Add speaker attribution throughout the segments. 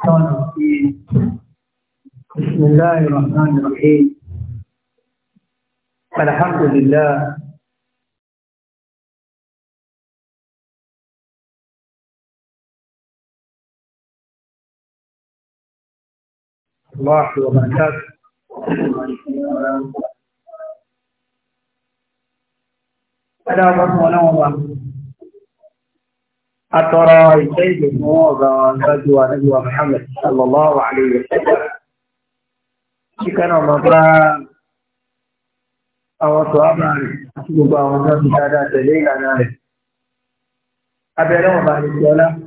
Speaker 1: بسم الله الرحمن الرحيم الحمد لله الله وبركاته ألا ورحمة الله أترى سيد موضع الفجوة نبوة محمد صلى الله عليه وسلم شكرا مضى أو صعبا أسلوب أو نفس هذا دليل أنا أبلغ بعد الجولة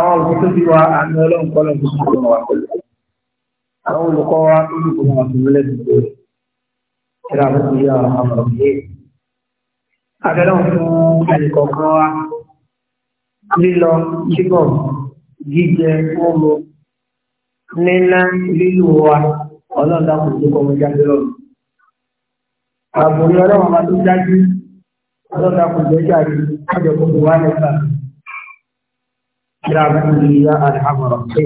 Speaker 1: أو المتفي وأن لهم قلم بسم وكل أو القوى كلكم وكل الدول كرامة الله الرحمن الرحيم àbẹ́lọ́n fún ẹnìkọ̀ọ̀kan wa lílọ ṣíbọ̀ jíjẹ ọmọ níná lílù wa ọlọ́dà kò tó kọmọ jáde lọ́rùn àbòrí ọlọ́run máa tó dájú ọlọ́dà kò jẹ́ jáde kájọ kó tó wá nípa ìlà àbúrò ìyá àdàmọ̀rọ̀ pé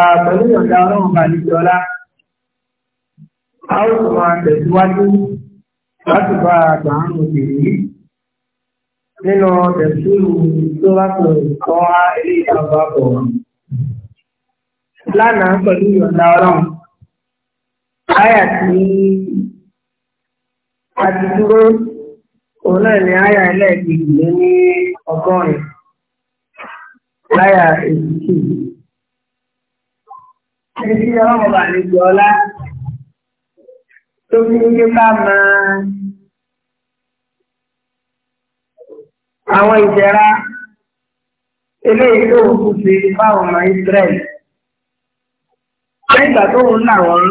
Speaker 1: àbẹ̀lú ìyọ̀dá ọlọ́run bá níjọ́lá a ó sì máa tẹ̀síwájú láti bá àgbàrún òkè yìí nínú tẹ̀sílù tó láti tọ́ á ilé ìjọba bọ̀. Lánàá pẹ̀lú ìyọ̀nda ọlọ́run, àyà tí a ti dúró, òun náà ni àyà ẹlẹ́ẹ̀kejì lé ní ọgọ́rin, láyà èsìkì. Ẹni tí ọlọ́run lè jọ ọlá tó fi ń gbé bá máa àwọn ìjẹra eléyìí tó ń kú sí fáwọn ọmọ Israẹl nígbà tó ń là wọn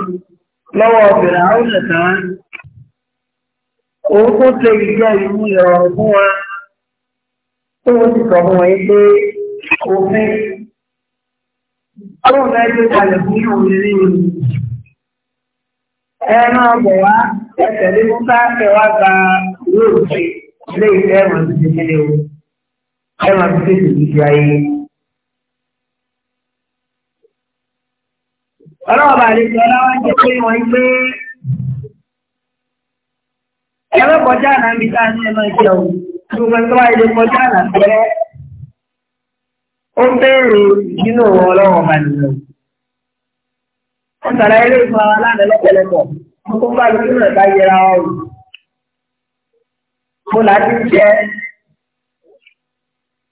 Speaker 1: lọ́wọ́ ọbẹrẹ àwọn nìkan òun tó ṣe ìjẹ ìlú fún wa tó ń ti sọ fún wọn yìí pé òfin àwọn ọmọ ẹgbẹ́ kalẹ̀ fún ẹ máa bọ̀ wá ẹ tẹ̀lé ilé ìfẹ́ ẹ̀wọ̀n ti ṣe kéde o ẹ̀wọ̀n ti ṣe ti ṣe ayé.
Speaker 2: ọlọ́ọ̀bà àlejò ọlọ́wọ́
Speaker 1: jẹ́ pé wọ́n ń gbé ẹ̀rọ kọjá àná bí ká ní ẹ̀nà ìṣẹ́ o gbogbo tó wáyé lè kọjá àná fẹ́rẹ́ ó béèrè nínú òun ọlọ́wọ́ ọba nìyẹn. ó sàlàyé lè fún àwọn aláàbẹ̀ lọ́pọ̀lọpọ̀ kó bá lóyún ẹ̀ka yẹra ọ̀rùn mo là ti jẹ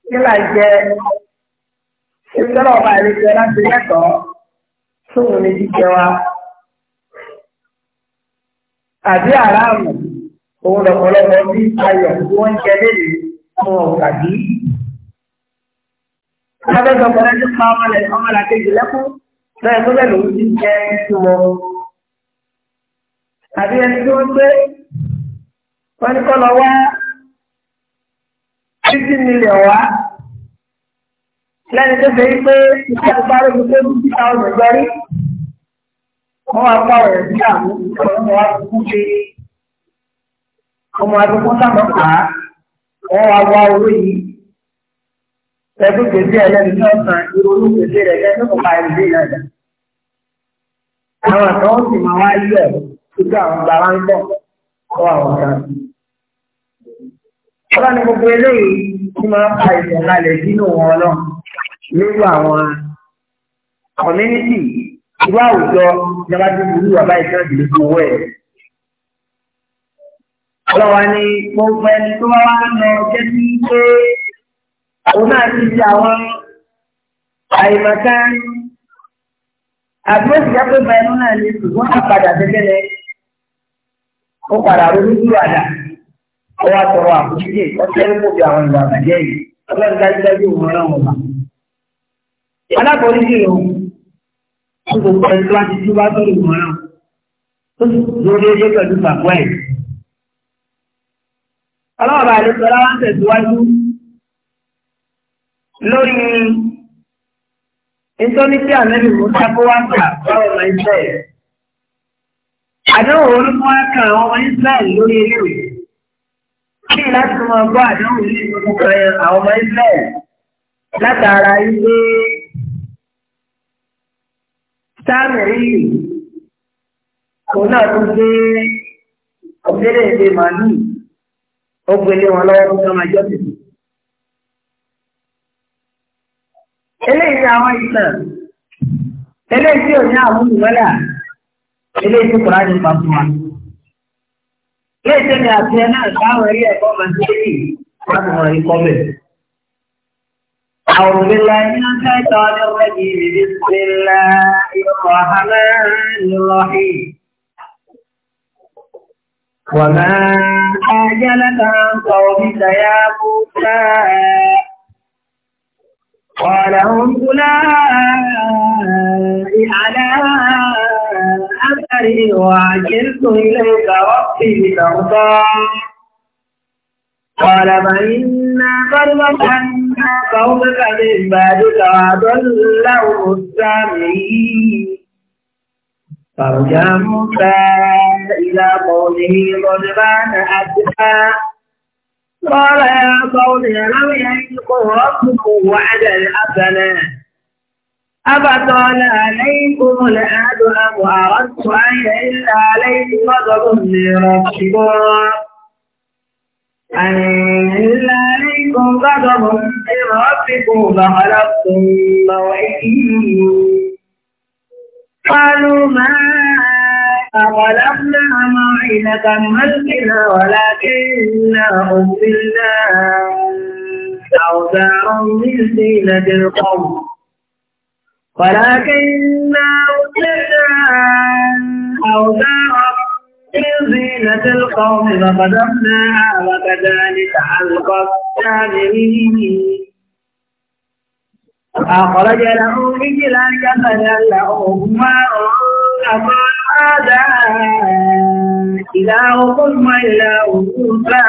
Speaker 1: nílà jẹ ìṣẹ́lẹ̀ ọba ìrẹsẹ̀ láti lẹ́tọ̀ọ́ sóhun ní jíjẹ wa àbí àràmù òun lọ̀pọ̀lọpọ̀ bí ayọ̀ tí wọ́n ń jẹ léde fún ọ̀gá bí. Abẹ́jọ pẹ̀lú ẹni pa ọmọlàkejì lẹ́kún lọ́yẹ̀ tó bẹ̀ lòun ti jẹ́ sí wọn. Àbí ẹni tí wọ́n gbé wọ́n ní kọ́ lọ wá fifty million wá lẹ́ni tó fẹ́ pé iṣẹ́ ti bá lóbi pé fifty thousand gbẹ́rí wọ́n wá pa ọ̀rẹ́ sí àwọn ọmọ wa kú pé ọmọ àdúgbò sábà pa wọ́n wá wá owó yìí pẹ̀lú gbèsè ẹlẹ́ni ní ọ̀sán ìrònú gbèsè rẹ̀ lẹ́nu kò pa ìdílé náà àwọn àtọ́wọ́sì máa wá yẹ̀ ọ́ síbi àwọn gbàrà ń bọ̀ kọ́ àwọn kan. ni gbogbo eléyìí tí máa ń fa ìfọ̀kalẹ̀ sínú wọn náà lórí àwọn kọ̀mínítì irú àwùjọ ìjọba tó burú wà báyìí tó dìde fún owó ẹ̀. Ọlọ́wà ni gbogbo ẹni tó bá wá lọ jẹ́ sí pé òun náà ti di àwọn àìmọ̀kan àbúrò ìjápẹ́ bẹ́ẹ̀ náà ni ṣùgbọ́n àpàdà tẹ́tẹ́lẹ̀. ó padà ronú ìwàdà ó wá tọrọ àbújúdé ọ̀sẹ̀ ń kó bí àwọn ìwà àbàjẹ́ yìí ọlọ́run dájúdájú òun tí wá sórí tó sì pẹ̀lú ẹ̀. ọlọ́ọ̀bà tẹ̀síwájú lórí nítorí tí mú àdánwò olúkọ́ aka àwọn ọmọ Israẹli lórí eléwé kí láti máa gbọ́ àdánwò yìí lórúkọ àwọn ọmọ Israẹli látara ilé sáàmìrì òun náà tún gbé ọ̀gbẹ́rẹ́ èdè màálù ó gbélé wọn lọ́wọ́ fún ọmọ ẹjọ́ tètè. eléyìí ni àwọn ìtàn eléyìí tí ò ní àmúlùmọ́là eléyìí tó kọ̀ọ̀rọ̀ àdìpá fún wa. Léèṣẹ́ ni àti ẹ náà sáwọn ẹ̀rí ẹ̀kọ́ máa ń tẹ́lẹ̀ yìí láti wọ̀n rí kọ́bẹ̀. أعوذ بالله من الشيطان الرجيم بسم الله الرحمن الرحيم وما أعجلك عن قومك يا موسى قال هم أولئك على أثري وعجلت إليك ربي لترضى قال فإنا قد مكنا قومك من بعدك وأضلهم السامعين فرجع موسى إلى قومه غضبان أسفا قال يا قوم ألم يعدكم ربكم وعدا حسنا أبطال عليكم العهد أم أردت أن يئن عليكم غضب من ربكم أن يئن عليكم غضب من ربكم فخلقتم موعدي قالوا ما أغلقنا موعدك ملكنا ولكننا أمنا أوزارا من زينة القوم
Speaker 2: ولكن
Speaker 1: وجدنا أوزارا من زينة القوم فقدمناها وكذلك علق السامرين أخرج له رجلا جسدا له حمار أقال هذا إلهكم وإله موسى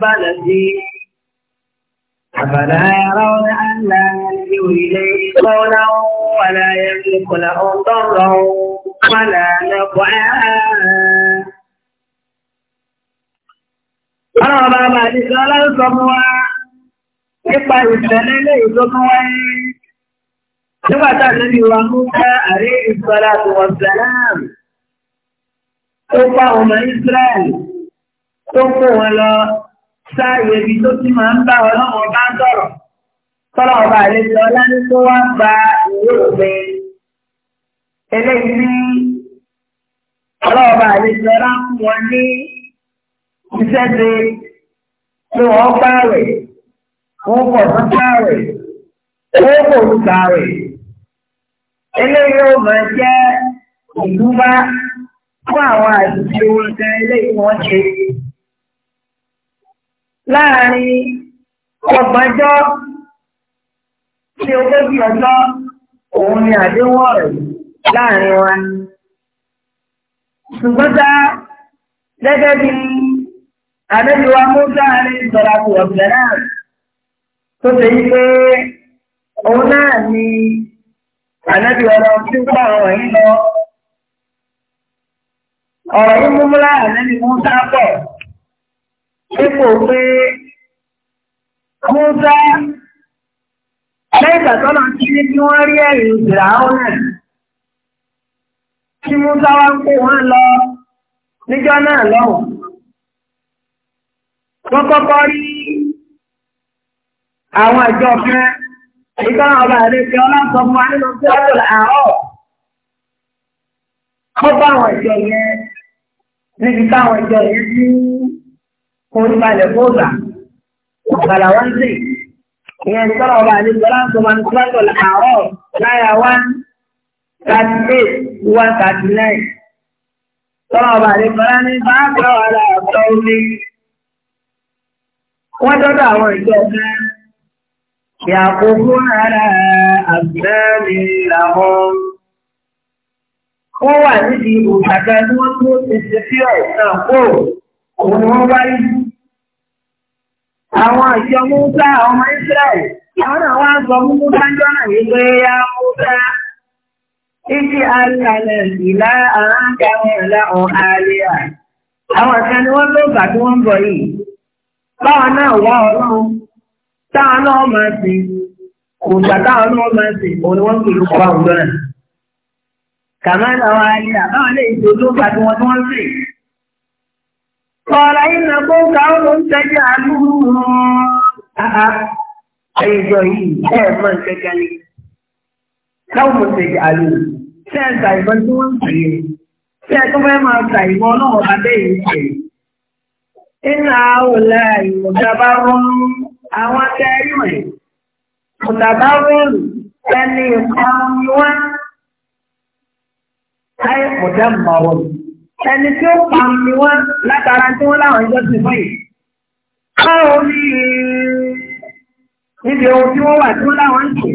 Speaker 1: فنسيه أفلا يرون أن لا يلجوا إليه قولا ولا يملك لهم ضرا ولا نفعا Ọlọ́run bá máa ní sọ ọlọ́run sọ fún wa nípa ìṣẹ̀lẹ̀ ilé ìṣókún wáyé. Nígbà tá lórí wa mú ká àrí ìṣọ́lá tó wọ́n sẹ́láàmù. Ó pa ọmọ Ísírẹ́lì tó kó wọn lọ sáàrì ẹbí tó ti máa ń bá ọlọ́run bá ń sọ̀rọ̀ tọ́lá ọba àlejò ọlá ní tó wá gba ìwé òfin eléyìí ní ọlọ́ọba àlejò ọlá fún wọn ní iṣẹ́ ṣe tí wọ́n bá rẹ̀ wọ́n pọ̀ tó bá rẹ̀ wọ́n kò tó bá rẹ̀ eléyìí ó máa jẹ́ ìdúbá fún àwọn àṣìṣe wọn kan eléyìí wọ́n ṣe láàrin ọgbọ̀njọ́ tí ogójì ọjọ́ òun ni àdéhùn ọ̀rọ̀ láàrin wa ni. ṣùgbọ́n tá gẹ́gẹ́ bí àdéhùwà mọ́tà ní ìsọ̀ràkù ọ̀gbẹ̀ náà tó ṣe yí pé òun náà ni ànábì ọ̀rọ̀ tí ń pa ọ̀rọ̀ yìí lọ. ọ̀rọ̀ yìí múmúlá ànábì mọ́tà pọ̀ dípò pé Músá lẹ́gbà tọ́lá tí ní kí wọ́n rí ẹ̀yìn ìgbìrà ọ́nà tí Músá wá ń kó wọn lọ níjọ́ náà lọ́wọ́. Wọ́n kọ́kọ́ rí àwọn ìjọ kan èyí tó náà ọba rẹ̀ fi ọlá sọ fún wa nínú tí wọ́n tọ̀lá àárọ̀. Ó àwọn ìjọ yẹn níbi táwọn ìjọ yẹn ti ń orí balẹ̀ fóònù ọ̀gbàlà wá ń sè ìyẹn ní sọ́rọ̀ ọba àti ìjọba ń sọ máa ń tíwájọ àárọ̀ láyà one thirty eight one thirty nine sọ́rọ̀ ọba àti ìjọba ní báàbá wàhálà ọ̀tọ̀ omi
Speaker 2: wọ́n dọ́dọ̀ àwọn ìjọ
Speaker 1: kan yàkókó ara àbúrẹ́mi làwọn wọ́n wà nídìí òṣàkẹ́ tí wọ́n tún ti ṣe fíọ̀ náà kó òun ni wọ́n wáyé àwọn àjọ Musa ọmọ Israẹ̀l àwọn náà wá sọ fún Musa jọ́nà wípé ya Musa títí alẹ́ ìlà àránkàwọn ìlà ọ̀hún àlẹ́yà. Àwọn kan ni wọ́n ló bà tí wọ́n ń bọ̀ yìí. Báwọn náà wá ọlọ́run táwọn náà máa sìn. Òǹgbà táwọn náà máa sìn òun ni wọ́n ń pèlú kọ́ àwùjọ náà. Kàmáà náà wá àlẹ́yà lè ṣe olóògbà tí wọ́n tí wọ́n sìn. Kọ̀ọ̀lá iná kó káwọn ń tẹ́jẹ́ àlúrú àìjọ yìí ẹ̀ mọ́ ìtẹ́jẹ́ ni. Káwọn ń tẹ́jẹ́ àlúrú. Ṣé ẹ̀ gbà ìbọn tí wọ́n ń tẹ̀lé? Ṣé ẹ tó fẹ́ máa gbà ìbọn náà bá bẹ́ẹ̀ yìí tẹ̀lé? Iná àwòlá ìmọ̀tàbá rún àwọn akẹ́rù ẹ̀. ẹni ìkan ni wọ́n. Káyọ̀ mọ̀tàbá rún ẹni tí ó pa ni wọ́n látara tí wọ́n láwọn ìjọ sí fún yìí. Báwo ni níbi ohun tí wọ́n wà tí wọ́n láwọn ń ṣe?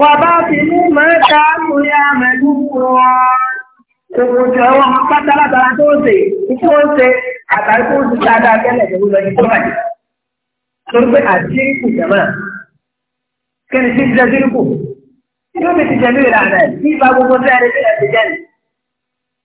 Speaker 1: Wà bá fi mú mẹ́ta mú ya mẹ́lú wọn. Gbogbo ti ọwọ́ wọn pátá látara tó ń ṣe, ikú ó ń ṣe, àtàrí tó ń ṣe dáadáa tẹ́lẹ̀ tó ń lọ ní tó bàjẹ́. Torí pé àti kù jẹ̀mọ́. Kí ni tí ń jẹ́ sírìkù? Yóò fi ti jẹ́ mí ìlànà ẹ̀, bí ìbá gbogbo sẹ́yìn ti ẹ̀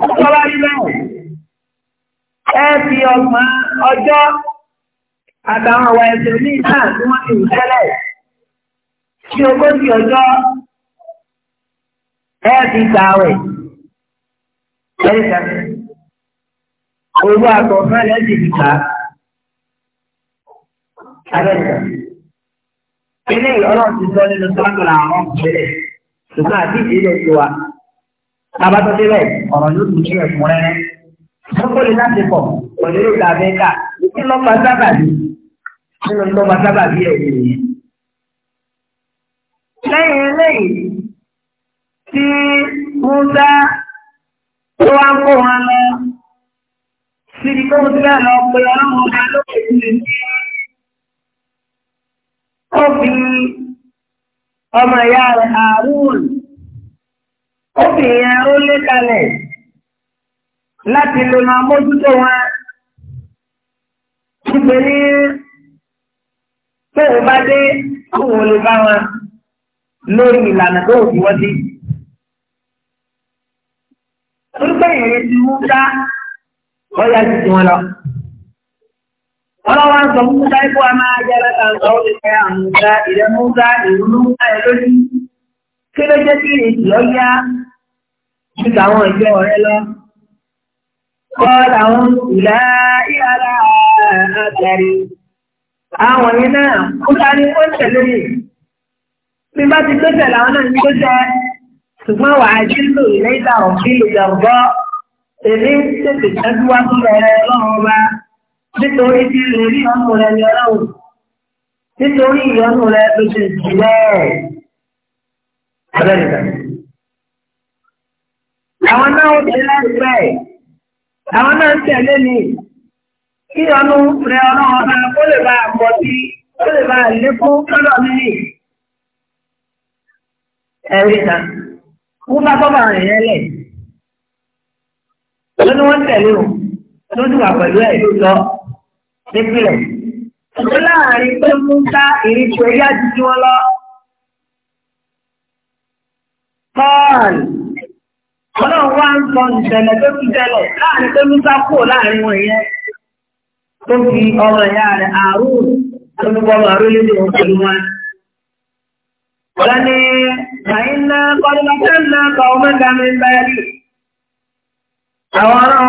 Speaker 1: Ọjọ́ ilẹ̀ ọgbọ̀n ọjọ́ àtàwọn ọ̀wà ẹ̀sẹ̀ ní tí wọ́n ti tẹ́lẹ̀ tí ogójì ọjọ́ ẹ fi gbààwẹ̀ ẹ̀ríkà owó àtọ̀fẹ́ lẹ́sìn Ilé ìrọ̀lọ́ ti sọ nínú sọ́kùnrin àwọn ṣùgbọ́n àti ìdílé ti wà. bàbá tó débẹ̀ ọ̀rọ̀ yóò tún ṣe ẹ̀kún rẹ́rẹ́. Kókó lè láti pọ̀ pẹ̀lú ìgbà abẹ́ká nínú ọgbà sábà bí nínú ọgbà sábà bí ẹ̀yẹ yẹn. Lẹ́yìn eléyìí tí Musa tó wá kó wọn lọ síbi tó ti bẹ́ẹ̀ lọ pé ọlọ́run ọba lókè tí lè ní. Ó fi ọmọ ìyá rẹ̀ Àrùn Obìnrin ó lé kalẹ̀ láti lè máa mójútó wọn. Ṣíṣe ní tóun bá dé kóun lè bá wọn lórí ìlànà tó òbí wọ́n sí. Orúkọ ìrìn ti mú dá ọ̀yà ti ti wọn lọ.
Speaker 2: Ọlọ́wọ́ ń sọ Múta ikú
Speaker 1: a máa jẹ́ lẹ́ta ń sọ ó lè fẹ́ àwọn ìdá ìrẹ́ Múta ìrúnú ń lójú. Kí ló jẹ́ kí ìrìn lọ ju tàwọn ìjọ rẹ lọ. Kọ́lá wọn ìlà ìhàlà àtàrí.
Speaker 2: Àwọn yìí náà, ó ta ni
Speaker 1: ó ń tẹ̀lé mi. Bí bá ti gbèsè làwọn náà ń gbèsè. Ṣùgbọ́n wàá nílò ìlẹ́ta òfin ìjàmbá. Èmi ń tètè tẹ́jú wá sí ọ̀rẹ́ ọlọ́run ọba. Nítorí tí lè rí ọmọ rẹ ní ọlọ́run. Nítorí ìyọnu rẹ ló ṣe jù lẹ́ẹ̀. Abẹ́rẹ́ ìgbà àwọn náà ó ti lẹ́sẹ̀ àwọn náà ń tẹ̀lé ni kí ọnú rẹ ọ̀nà ọba kó lè bá pọ̀ sí kó lè bá lékún lọ́dọ̀ mi nì. ẹ̀rí ta wọ́n bá bọ́ bàrà yẹn lẹ̀ lọ́dún wọ́n tẹ̀lé o lójú wa pẹ̀lú ẹ̀ lóòótọ́ nípìnlẹ̀. Ṣé láàárín pé mú ká ìrìnsù ẹ̀yà jíjú wọn lọ? Paul Ọlọ́run wá ń sọ ìṣẹ̀lẹ̀ tó ti ṣẹlẹ̀ láàrin tó ń sá kúrò láàrin wọn yẹn. Tó fi ọmọ ìyá rẹ̀ àrùn tó ń bọ́ màrú lédè wọn wọn. Ọ̀la ni Màíná Kọ́lọ́tẹ́ ń náà kọ ọmọ ìgbà mi báyìí. Àwọn ọ̀rọ̀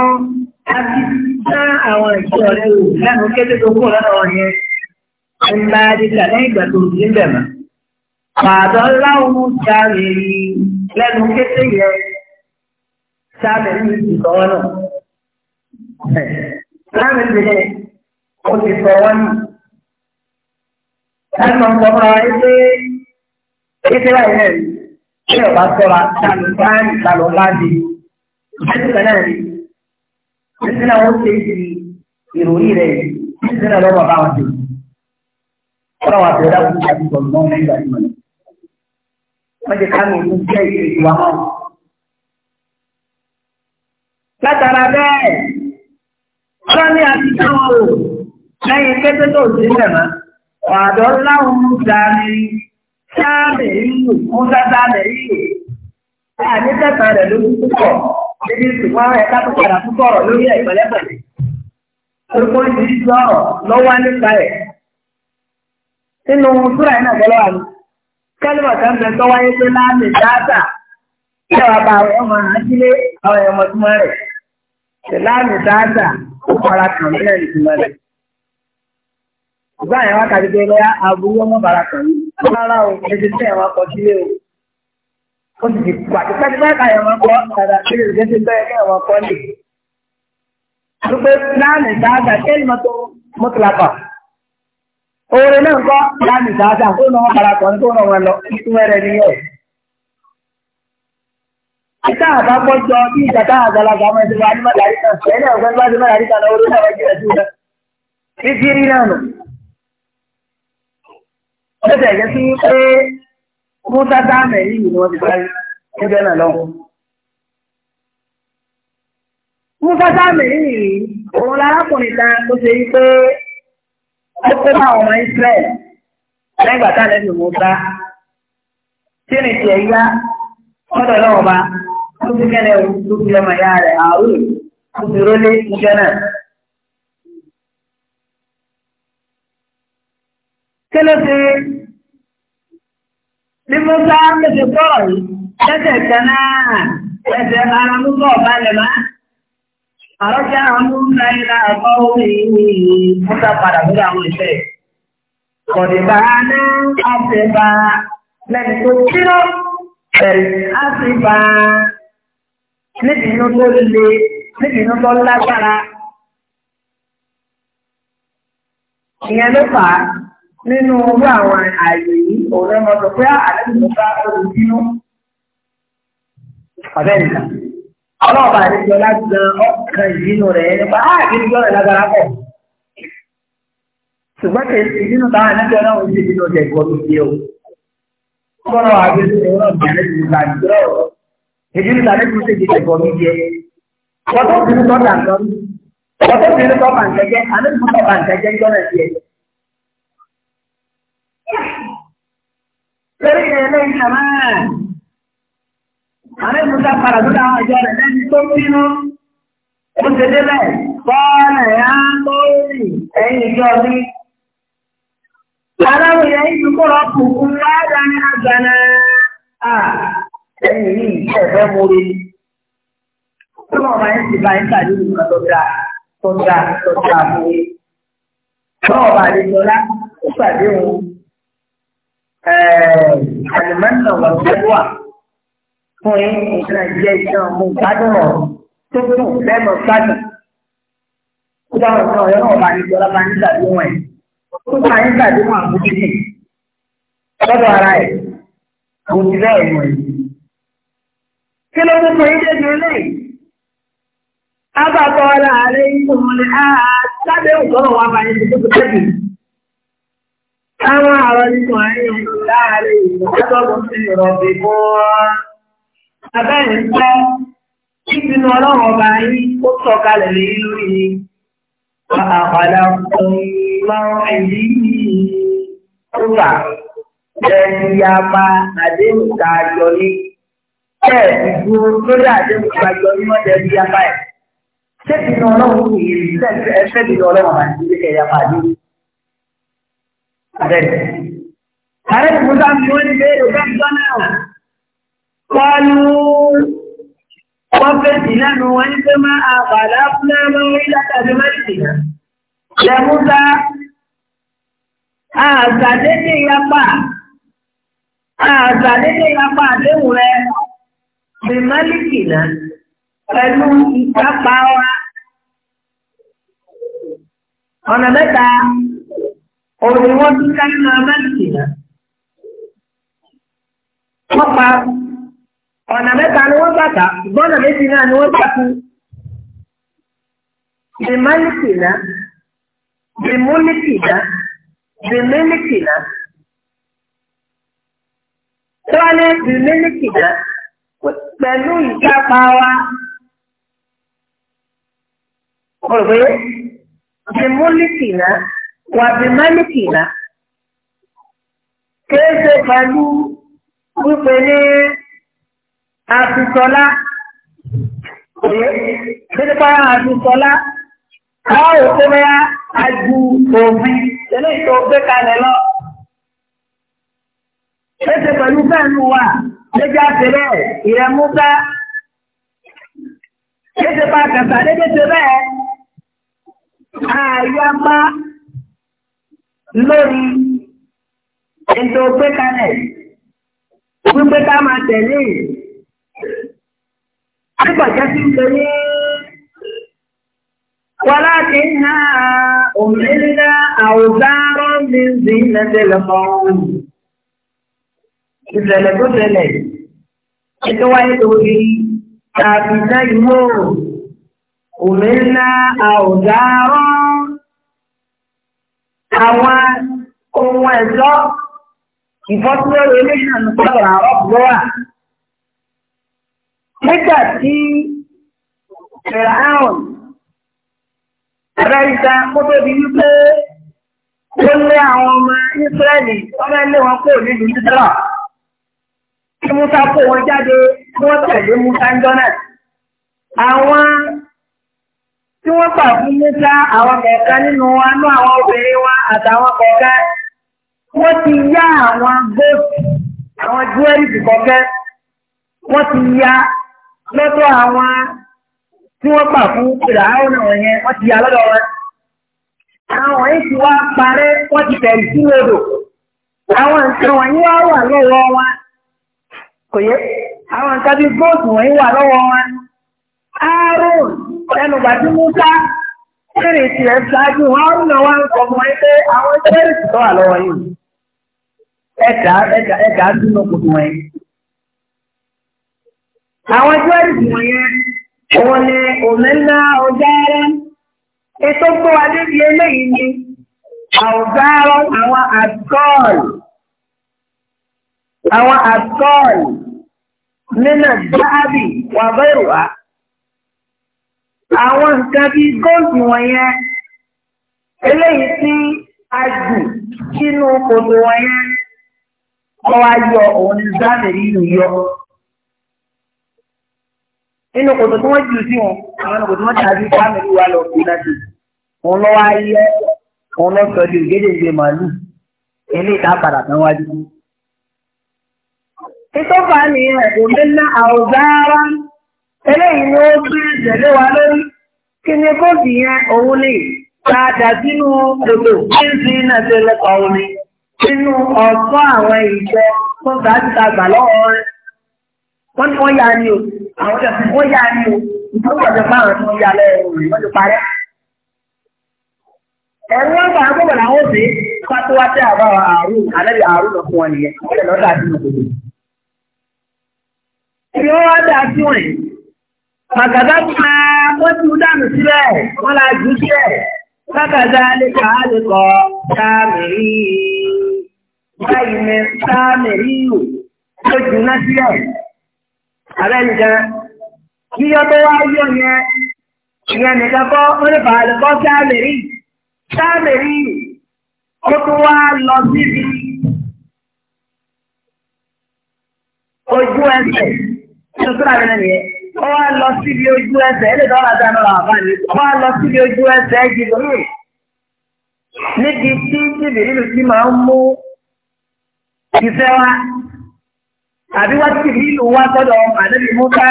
Speaker 1: àti sá àwọn ìṣẹ́ ọ̀rẹ́ wò lẹ́nu kété tó kúrò lọ́dọ̀ wọn yẹn. Ń bá dìgbà lẹ́yìn sáàmì ní ti sọ wọn nù sáàmì ti ní o ti sọ wọn nù sáàmì ń sọ fún wa ẹgbẹ ẹgbẹ báyìí náà ṣé ọba sọra sáàmì sáàmì sàlọ láti ẹgbẹ kan náà ni ẹgbẹ náà wọn ṣe ti ìròyìn rẹ ẹgbẹ náà lọ́wọ́ bá wọn ṣe wọn wà bẹ̀rẹ̀ àwọn ìgbà tó sọ lọ́wọ́ nígbà tí wọn. wọ́n ti ká mi ní jẹ́ ìṣèjì wa mọ́. látara bẹ́ẹ̀ ọlọ́ni àti táwọn lẹ́yìn kété tó ti lẹ̀ mọ́ ọ̀dọ́ láwọn dání sáàmì yìí múta sáàmì yìí láàyè tẹ̀sán rẹ̀ lójú púpọ̀ níbi ìsìnkú ẹ̀ka tó padà púpọ̀ lórí ẹ̀ pẹ̀lẹ́pẹ̀lẹ́ orúkọ ìdílé sọ̀rọ̀ lọ́wọ́ nípa ẹ̀ nínú yìí náà láàmì dáadáa Ìlànà dáadáa ó fara kàn mí lẹ́yìn ìtumọ̀ rẹ̀. Ìgbà yẹn wá kàdé pé lọ́yà aburú ọmọ bàrà kàn mí. Rárá o, ẹsẹ̀ tí ẹ̀ wá kọ sílé o. Ó sì ti pàtó pẹ́ẹ́tí báyìí ká yẹn wá kọ́ dàda sí ìrìnsẹ̀ tí bẹ́ẹ̀ kẹ́ ẹ̀ wá kọ́ lè. Àdúgbò láàmì dáadáa kẹ́lí mọ́tò mọ́tòlápà. Oore náà ń kọ́ láàmì dáadáa kó náà wọ́n bàrà kàn mí kó náà wọ́n lọ. Ìtumọ̀ rẹ̀ nìyẹn. Ìta àbápọ́jọ bí ìjàdá àgbàlagbà ọmọ ìjọba ní Mọ́lárí kan, ẹ̀yìn ọ̀gbẹ́ bá ti Mọ́lárí kan lọ́wọ́ lórí àwọn ìjìnlẹ̀ sí ìjọ. Títí rí náà nù. Ó tẹ̀lé sí pé Mọ́tá dáàmẹ̀ yìí ni wọ́n ti parí níbẹ̀ náà lọ́wọ́. Mọ́tá dáàmẹ̀ yìí òun lárákùnrin kan tó ṣe yí pé ó kó bá ọmọ Ísírẹ́lì lẹ́gbàá tá lẹ́nu Mọ́tá. Kí ni tiẹ̀ yá? Ọ̀dọ̀ náà ọba ó ti kẹ́lẹ̀ òun tó fi ọmọ ìyá rẹ̀ àárò ó ti rólé iṣẹ́ náà. kí ló ti bí musa ló ti pọ̀ lẹ́sẹ̀ kan náà ẹsẹ̀ ara musa ọ̀bá lẹ̀ máa. Àrọ́jà àmúnà ilá àkọ́ omi musa padà lórí àwọn ìṣẹ́. Kọ̀dìbà náà àṣìbà lẹ́nu tó kíró. Àṣìbà níbi inú tó le níbi inú tó lágbára. ìyẹn ló fà á nínú orú àwọn ààyè yìí òun ló mọ̀ sọ pé àlejò tó bá olùdínú. ọ̀bẹ nìkan ọlọ́ọ̀bà àdéjọ láti gan ọkàn ìdínú rẹ̀ nípa ààbínú gbọ́dọ̀ lágbára pọ̀. ṣùgbọ́n kì í ṣe ìdínú táwọn ẹ̀nẹ́jọ́ náà ń ṣe ìdínú ọjà ìkọ́ tó ṣe o. gbọ́dọ̀ àgbẹ̀sẹ̀ ìwọ́n ọ̀gbìn àlejò ìgbà ìgbà ọ̀rọ̀ èyí ni tàbí kí n ṣe ìdíje ìbọn mi jẹ ọtọ kiri tọ nà lọ ọtọ kiri tọ bà nkẹjẹ àná kiri tọ bà nkẹjẹ ń gbọnà tiẹ. lórí ilẹ̀ ilé ìjàmá àná ìmúta paradúrà àwọn ìjọ rẹ̀ lẹ́ni tó bínú ó ṣe délẹ̀ bọ́ọ̀lù ẹ̀ á lórí ẹ̀yìn ìjọ mi. aláwọ̀ yẹn ìdúkọ̀ ọ̀pùnkùn wá dání àgbàna ẹ̀yìn yìí ìṣe ẹ̀fẹ́ múre ni. Ó náà máa ń ti bá ń tàbí nǹkan tó dáa tó dáa tó dáa múre. Bọ́ọ̀ bá lè jọlá ó pàdé òun. Àlùmọ́nà wà lọ́wọ́ fún yín nǹkan jẹ́ iṣan mú gbádùn ọ̀rọ̀ tó dùn lẹ́nu gbádùn. Ó dáhùn náà ọ̀rọ̀ náà bá lè jọlá bá ń tàbí wọn ẹ̀. Ó máa ń tàbí wọn àbújá lọ́dọ̀ ara ẹ̀. Mo ti bẹ́ẹ̀ mọ̀ èyí kí ló mú fún ilé ìdí ilé abàbọ̀ ọ̀la àlẹ́ ìlú ni a sábẹ́ òkúrò wà bá yẹn tuntun tẹ́lẹ̀ àwọn àwọn nínú àyẹ̀wò láàárín ìlú ọgọ́gùn sí ìrọ̀bì fún wọn abẹ́rẹ́ ń pẹ́ ìpinnu ọlọ́run ọba yìí ó sọ kalẹ̀ lé lórí àpàdà ọ̀hún ẹ̀yí kúta ẹ̀yìn yapa àdéhùn tá a jọ ní bẹ́ẹ̀ ìgbò lórí àdéhùn ìgbàgbọ́ ìmọ̀jẹ̀ bí yapa ẹ̀. ṣé ìnà ọlọ́run kù yìí ṣe ẹ̀fẹ́ ìnà ọlọ́run àti ìdíkẹ̀ yapa ní. Àbẹ̀rẹ̀. Ààrẹ ìmúta ni wọ́n ti béèrè fẹ́ǹtọ́ náà. Kọlu wọ́n fẹ́ sí lẹ́nu wọn ní pé máa àbàlá fúlẹ́mọ́ orí látàbí mẹ́sì. Lẹ́múta àgbàdédé yapa àgbàdédé yapa àdéhùn rẹ̀ bí málìkì náà pẹ̀lú ìkápá wa. ọ̀nà mẹ́ta òun ni wọ́n tún ká nínú málìkì náà. wọ́n pa ọ̀nà mẹ́ta ni wọ́n bàtà gbọ́nà méjì náà ni wọ́n bàtú. bí málìkì náà bí múlìkì náà bí mílìkì náà. Tọ́lá bí mílìkì náà pẹ̀lú ìjápa wa. Mo rò pé bí mólìkì náà wà bí málìkì náà kìí ṣe pẹ̀lú wípé ní àtúntọ́lá nípa àtúntọ́lá a ò tó bẹ́yà ajú òfin eléyìí tó gbé kalẹ̀ lọ. Kìí ṣe pẹ̀lú bẹ́ẹ̀ ló wà. Jẹ́jẹ́ àti bẹ́ẹ̀, ìrẹ́ Musa. Jẹ́jẹ́ bá kàtà dédé ṣe bẹ́ẹ̀. Ààyè apá lórí ètò gbé kalẹ̀. Wípé ká máa tẹ̀lé. Àgbàjá ti ń pè ní
Speaker 2: ولكنها أملنا أوزارا
Speaker 1: من زينة القوم ìṣẹ̀lẹ̀ tó ṣẹlẹ̀ ètò wáyé lórí àbíjá ìmọ̀ òmìnira àwòdárọ́ àwọn ohun ẹ̀ṣọ́ ìfọ́síwẹ́rẹ́ eléyàn sọ̀rọ̀ àwọn bọ́wà nígbà tí fẹ̀ràn abẹ́ríkà kó tó di wípé ó lé àwọn ọmọ Ísírẹ́lì ọmọ ẹlẹ́wọ̀n kò nílùú Ísírẹ́lì. Musa kó wọn jáde wọ́n tẹ̀lé Musa ń jọ́nà. Àwọn tí wọ́n gbà fún Musa àwọn kẹ̀kẹ́ nínú wa nú àwọn obìnrin wa àtàwọn kọ̀ọ̀kẹ́. Wọ́n ti yá àwọn góòtù àwọn júwẹ́rìsì kọ̀ọ̀kẹ́. Wọ́n ti yá lọ́dọ̀ àwọn tí wọ́n gbà fún ìràáwọ̀n àwọn yẹn wọ́n ti yá lọ́dọ̀ wọn. Àwọn yìí ti wá parẹ́ wọ́n ti tẹ̀lé sí odò. Àwọn nǹkan wọ̀nyí wá wà lọ́wọ́ wọn. kò yẹ àwọn nǹkan bíi góòtù wọ̀nyí wà lọ́wọ́ wọn Aaron ẹnu gbàdí Musa kéré tiẹ̀ ṣáájú wọn ń nà wọn kọ̀ mọ́ ẹ àwọn kéré tó wà lọ́wọ́ yìí ẹ̀dá ẹ̀dá ẹ̀dá sínú kòtò wọ̀nyí. Àwọn jẹ́rìsì wọ̀nyẹn òun ni òmìnira ọ̀gára ètò tó wà eléyìí ni àwọn nínú dáàbì wà bẹ́ẹ̀ wá. Àwọn nǹkan bíi góòlù wọ̀nyẹn, eléyìí tí a jù sínú kòtò wọ̀nyẹn, wọ́n wá yọ òun ní dáàbì nínú yọ. Nínú kòtò tí wọ́n jù sí wọn, àwọn ọ̀nà kòtò tí wọ́n dàbí fámìlì wa lọ kú láti. Òun lọ wá yẹ, òun lọ sọ di ògédèǹgbè màálù, eléyìí tá a padà tán wájú. Ìtọ́fà ni ẹ̀kùnlélá àwọ̀gára, eléyìí ni ó gbé ìjẹ̀lé wa lórí, kí ni kó sì yẹn òun ni, dáadáa sínú odò tí ń sin iná tó lẹ́kọ̀ọ́ ni, nínú ọ̀pọ̀ àwọn ìjọ tó bá ti ta gbà lọ́wọ́ rẹ̀. Wọ́n ní wọ́n yá ni o, àwọn ọ̀dọ̀ wọ́n yá ni o, ìtọ́jú ọ̀dọ̀ bá àwọn tí wọ́n yá lẹ́yìn rẹ̀ wọ́n ti parẹ́. Ẹ̀rú wọn gbà gbọ́dọ̀ làwọn ò sí, pátó wá sí àbáwọ̀ àrùn, àlẹ́ àrùn lọ fún wọn nìyẹn, wọ́n lè lọ́dọ̀ àdínà gbogbo. Ibi wọ́n wá dà sí wọ̀nyí. Bàkàtà pa wọ́n ti sílẹ̀, wọ́n la jù sílẹ̀. Bàkàtà lè kà á lè kọ́ sáàmìrí. Báyìí ni sáàmìrí yìí ló tó wá yọ yẹn, nínú síra rẹ̀ nìyẹn ó wá lọ síbi ojú ẹsẹ̀ ẹ̀ lè dọ́là dáná ra àbá ni ó wá lọ síbi ojú ẹsẹ̀ jìbìrì níbi tí jìbìrì lù ti máa ń mú ìfẹ́ wa àbí wá jìbìrì lù wá sọ́dọ̀ àdébí múta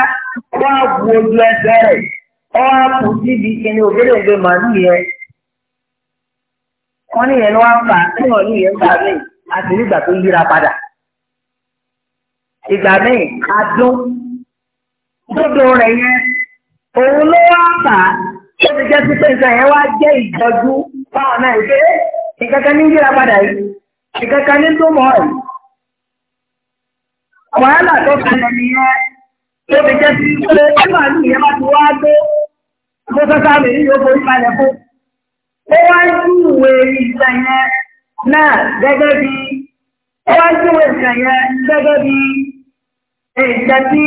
Speaker 1: wá bu ojú ẹsẹ̀ rẹ̀ ó wá kù síbi kíni òbẹ́rẹ́ òbẹ́ màálù yẹn wọ́n ní ìyẹn ló wá fà á níwọ̀n ní ìyẹn ń fà á lẹ́yìn àti nígbà tó yíra padà ìgbà míì adún gbọ́dọ̀ rẹ̀ yẹn òun ló wá fà á tó ti jẹ́ sí pé nǹkan yẹn wá jẹ́ ìjọjú báwọn náà ṣe ìkankan ní yíra padà yìí ìkankan ní tó mọ̀ ẹ̀.
Speaker 2: wàhálà tó kalẹ̀
Speaker 1: nìyẹn tó ti jẹ́ sí pé tí màálù yẹn bá ti wá dé tó sọ́sá mi yóò forí balẹ̀ fún. ó wá júwe ìtàn yẹn náà gẹ́gẹ́ bí ó wá júwe ìtàn yẹn gẹ́gẹ́ bí ìtàn tí.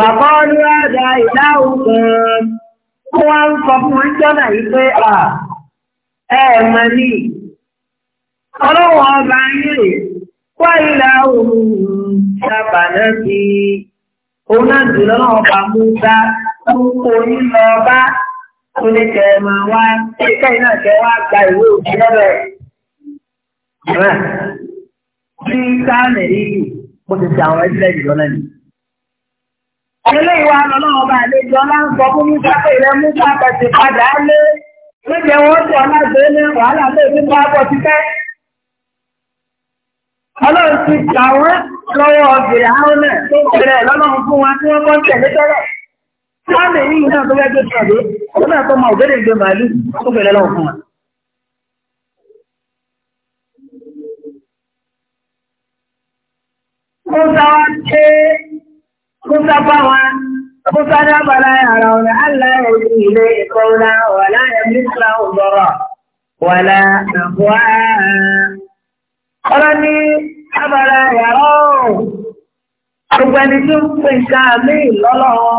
Speaker 1: Bàbáwọ́lú àdá ìdá òkun kó ń sọ fún jùlọ náà ọba mú dá kúkú yín bá. Ó ní kẹ́ ẹ wá kíkẹ́ iná kẹ́ gba ìwé òbí lọ́bẹ̀. Bí sáà nìyí, mo ti ṣe àwọn ẹgbẹ́ ìlọ́lẹ́ni.
Speaker 2: Ilé ìwà lọ́lọ́wọ́ bá lè
Speaker 1: jọ láńsọ fún Musa pé ilẹ̀ Musa pẹ̀sì padà lé. Méje wọ́n ti ọ̀nà ìgbé ní wàhálà lè fi bá bọ̀ títẹ́. Ọlọ́run ti gbà wọ́n lọ́wọ́ ọ̀gbìn àwọn tó bẹ̀rẹ̀ lọ́lọ́run fún wọn tí wọ́n kọ́ tẹ̀lé tọ́lọ̀. Wọ́n lè náà tó fẹ́ gbé tàbí òun náà tó mọ òbédè gbé màálù tó bẹ̀rẹ̀ lọ́wọ́ wá ṣe kusa bawa kusa da bala ya rauna Allah ya yi ile kauna wala ya misra ubara wala abuwa ọlọ́ni abala yàrá gbogbo ẹni tó ń pè ká mí lọ́lọ́wọ́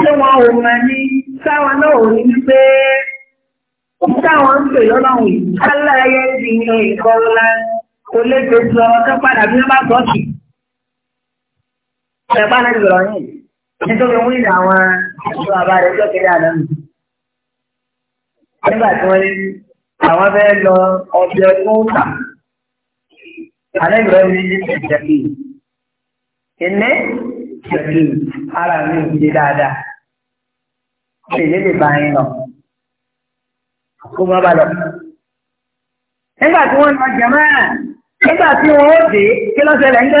Speaker 1: tí wọ́n ò mọ̀ ní sáwọn náà ò ní pé táwọn ń pè lọ́lọ́wọ́ yìí kálá ẹyẹ ti yan kò lè tètè ọ̀rọ̀ kan padà bí bá sọ́ọ̀tì ẹ̀pá náà jùlọ yìí nítorí wọ́n ní àwọn ìṣòro àbá rẹ̀ jọ kéré àná mi. nígbà tí wọ́n ní àwọn fẹ́ lọ ọbẹ̀ ọdún kà àná ìlú ẹ̀mí ní ìjẹ̀kì ìní ìjẹ̀kì ara mi ò ṣe dáadáa ṣe lè lè bá yín lọ kó má ba lọ. nígbà tí wọ́n lọ jẹ̀mọ́ nígbà tí wọ́n ó dé kí lọ́sẹ̀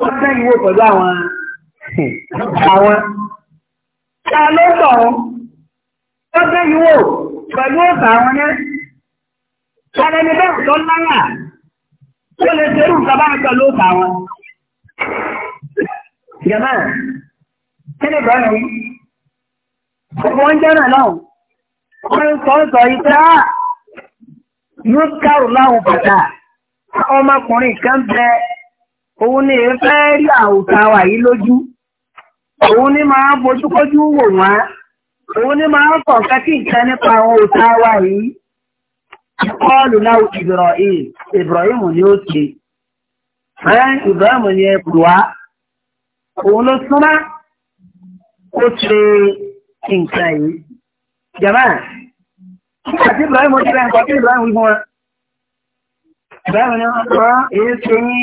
Speaker 1: wọ́n tẹ́lẹ̀ wò pẹ̀lú àwọn àwọn. Ta ló sọ̀rọ̀? Wọ́n tẹ́lẹ̀ wò pẹ̀lú òsà àwọn yẹn. Ṣọlá ẹni bẹ́ẹ̀ tó láyà tó lè ṣerú nǹkan bá pẹ̀lú òsà àwọn. Jàmá, kí ni bọ́ọ̀lù yìí? Gbogbo oúnjẹ náà náà, wọ́n ń sọ sọ yìí pé ah, yóò kárò láwọn bàtà. Ọmọkùnrin kan bẹ́ẹ̀ òun ni ń fẹ́ rí àwùká wà yí lójú òun ni máa ń bojúkójú wò wọ́n òun ni máa ń kọ̀ kẹ́kí nǹkan nípa àwọn òòtá wà yìí kọ́ọ̀lù náà Ibrahim Ibrahim ni ó ṣe ẹ́ Ibrahim ni ẹ pè wá òun ló súnmọ́ ó ṣe nǹkan yìí jàmá nígbà tí Ibrahim ti rẹ̀ nǹkan tí Ibrahim wí fún wa Ibrahim ni wọ́n sọ èyí ṣe yín.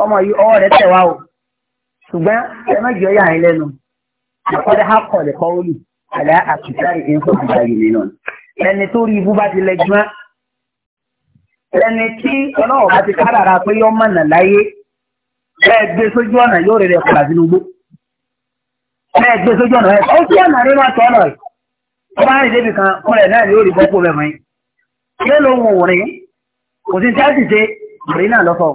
Speaker 1: ọmọ yìí ọwọ́ rẹ̀ tẹ̀ wá o ṣùgbọ́n ẹ má jọ yà yín lẹ́nu àkọ́dẹ́ ha kọ̀ lẹ́kọ́ olù àlẹ́ àtúntàrí ẹ̀ńkọ́ ìgbà yìí nínú ẹni tó rí ibú bá ti lẹ́gbọ́n ẹni tí ọlọ́wọ́ bá ti kádàrà pé yọ mọ̀nà láyé ẹ gbé sójú ọ̀nà yóò rẹ̀ rẹ̀ kọ̀lá sínú gbó ẹ gbé sójú ọ̀nà ẹ̀ ó sí ọ̀nà rírọ̀ àtọ̀ ọ̀nà ẹ̀ ó bá rìn débi kan ọ̀rẹ́ náà yóò rí bọ́pọ̀ mẹ́mọ́ yín kí ló ń wò rìn kò sí tí a sì ṣe rìn náà lọ́fọ̀ọ́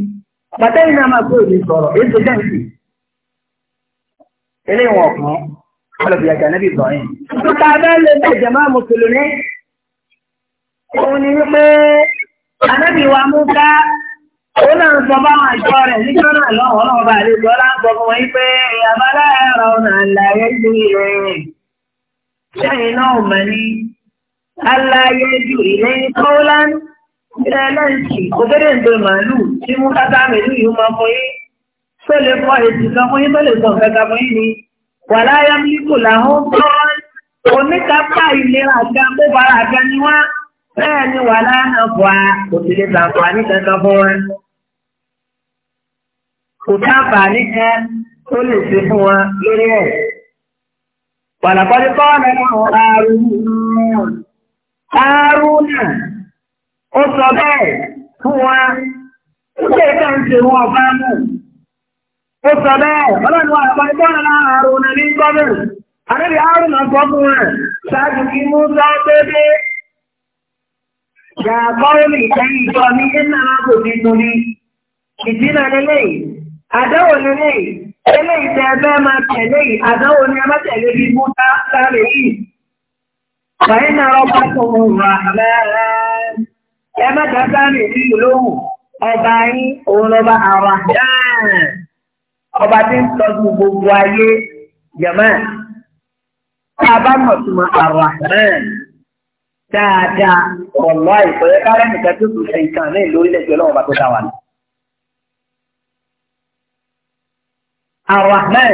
Speaker 1: pàtẹ́yìn náà máa gbóòdì sọ̀rọ̀ èyí tó jẹ́ ìsì ilé ìwọ̀n kan alòbìyàjà níbi ìbọ̀yìn tó ta bẹ́ẹ̀ lè bẹ̀ jẹ̀mọ́ mùsùlùmí òun ni wípé anábì wa mú ká òun náà sọ báwọn àjọ rẹ̀ nígbà náà lọ́wọ́ ọlọ́wọ́ bá àlejò ọlá ń sọ fún wọn pé ìyàbá láàárọ̀ ọ̀nà àlàyé ju ìròyìn sẹ́yìn náà mọ̀ ní àlàyé ju ìròyìn kọ́ńlá ilẹ̀ ẹlẹ́yìn kò tẹ́lẹ̀ ń bẹ màálù tí mú tátá mẹ́lú yìí máa fún yín tó lè fọ èsì kan fún yín tó lè sọ nǹkan kan fún yín ni wà láyá mílíkù làwọn gbọ́ oníkápá ìlera àti agbóbara àti ẹni wá bẹ́ẹ̀ ni wà láyà fún wa kò sì lè sàǹfà ní kankan fún wa. kò sáǹfà ní kan tó lè ṣe fún wa lórí ẹ̀. wàlàkọ́ni kọ́ ọ̀nà ẹ̀kọ́ àrùn àrùn náà. ó sọ bẹ́ẹ̀ fún wa ó lè ká ń ṣe wọn ọba mú ó sọ bẹ́ẹ̀ ọlọ́run àpá ìbọn aláàrùn náà ní àrẹ́bí àrùn náà fún kí mú sọ omi ìtẹ́yìn ìjọ ní ti ní lélẹ̀ àdáwò lélẹ̀ lélẹ̀ ìtẹ́ ẹgbẹ́ máa tẹ̀lé àdáwò ní ẹgbẹ́ tẹ̀lé bí mú sáré yìí tó rà ẹ má dáadáa rìn nínú lóhùn ọba yín òun lọ́ba àwa dáàn ọba tí ń tọ́jú gbogbo ayé jẹ̀mọ́ tá a bá mọ̀ túmọ̀ àwa náà dáadáa ọ̀lọ́ àìsọ̀yẹ́ kárẹ́ nìkan tó kù ṣe nǹkan náà lórílẹ̀ jọ lọ́wọ́ bá tó dá wa lọ. Arahman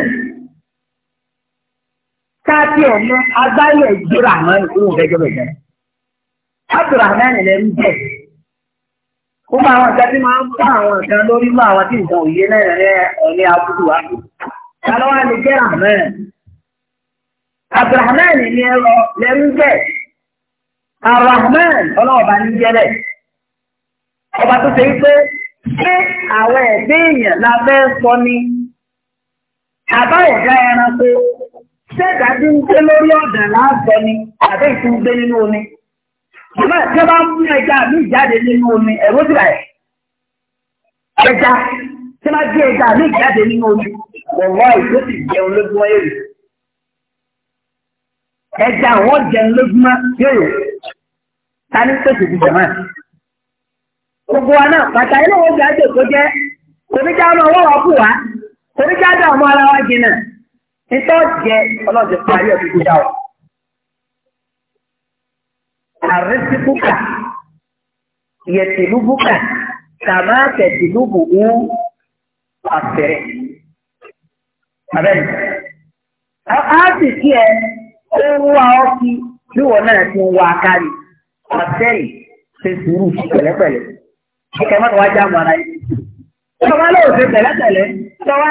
Speaker 1: káàkiri ọmọ agbáyé ìjọra àmọ́ ìkúrò bẹ́jọ́ bẹ́jọ́. Abdulrahman ilẹ̀ ń bẹ̀. Ó máa wọn ìjáde máa ń bá àwọn nǹkan lórí mú àwọn tí nǹkan òye náà rẹ̀ ẹ̀rí abúlé wa. Kálọ́wá lè jẹ́ Rahman. Abdulrahman ni ẹ̀rọ lọ ń bẹ̀. Arahman ọlọ́ọ̀bá ní jẹ́lẹ̀. Ọba tó ṣe pé ṣé àwọn ẹ̀dẹ́ èèyàn la fẹ́ sọ ni? Àbá ẹranko ṣé ìdájú ń gbé lórí ọ̀dà láàbọ̀ ni àbẹ́ ìtú nínú omi? Bàbá ẹ̀kẹ́ bá mú ẹja mí ìjáde nínú omi ẹ̀rọ dìrà ẹ̀. Ẹja tí máa gbé ẹja mí ìjáde nínú omi wọ̀wọ́ ìjó sì jẹun lójúmọ́ èrè. Ẹja wọ́n jẹun lójúmọ́ yóò ta ní pèsè ti jẹ̀mọ́. Gbogbo wa náà pàtàkì náà wọ́n fi tó jẹ́ oníjà ọmọ ọwọ́ wa kù wá oníjà dà ọmọ ara wa jìnnà. Nítọ́ ọlọ́dún parí ọdún tó dá ọ. àrísíkúkà yẹtìlúbúkà tàbá buka ń àfẹ́rẹ́. Abẹ́rẹ́. A sì kí ẹ ń wá ọtí bí wọn náà ti ń wá kárí. Ọ̀sẹ́yì ṣe sùúrù pẹ̀lẹ́pẹ̀lẹ́. Ìkẹ́ mọ́tò wá já mọ́ ara yìí. Ìjọba lóò ṣe pẹ̀lẹ́pẹ̀lẹ́.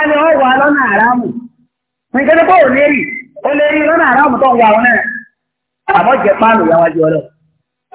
Speaker 1: ni ó wà lọ́nà àrámù. Nǹkan tó kọ́ ò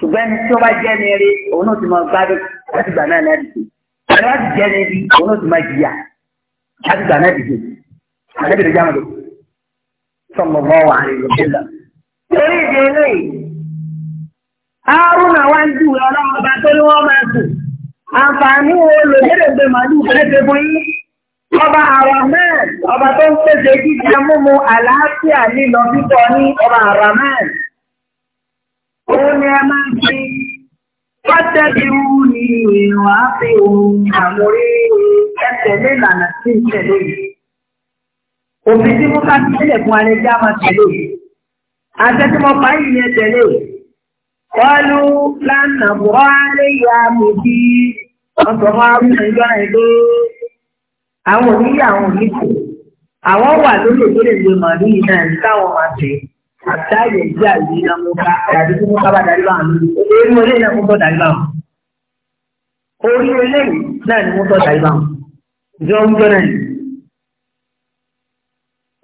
Speaker 1: ṣùgbọ́n ẹni tí ó bá jẹ́ ní eré òun náà ti máa gbádùn láti gbà náà láti ṣe ẹni láti jẹ́ ní ibi òun náà ti máa jìyà láti gbà náà dìde àdébìrì jáwọn lò sọ̀mọ̀ mọ́ wà ní ìlú torí ìdí eléyìí Haruna wá ń júwe ọlọ́run ọba tó ní wọ́n máa sùn àǹfààní wo lò lédègbè màlúù fẹ́ẹ́ ọba Arahman ọba tó ń pèsè jíjẹ múmu àlàáfíà lílọ bíbọ ní ọba Arahman. Òun ni ẹ máa ń fi pátẹ́bí wú ní ìrìn àti òun àmúrí ẹtẹ̀lé ìlànà sí ìtẹ̀lé yìí. Òfin tí Múká ti sílẹ̀ fún alẹ́ já máa tẹ̀lé yìí. Àṣẹ tí mo pa yìí ni ẹ tẹ̀lé yìí. Kọ́lù lánà bọ́ alẹ́ ìyá mi bí wọ́n sọ fún arúgbó ìjọ náà pé àwọn òní yà àwọn òní kù. Àwọn wà lórí òkèlè lè mọ̀ ní ìdáyìí táwọn máa tẹ̀ àtàyè ìdí àyè iná mú ká àyàfi tí wọ́n bá darí báwọn lórí orí olè náà mú tọ́ darí báwọn orí olè náà ni mú tọ́ darí báwọn ìjọ ń jọ náà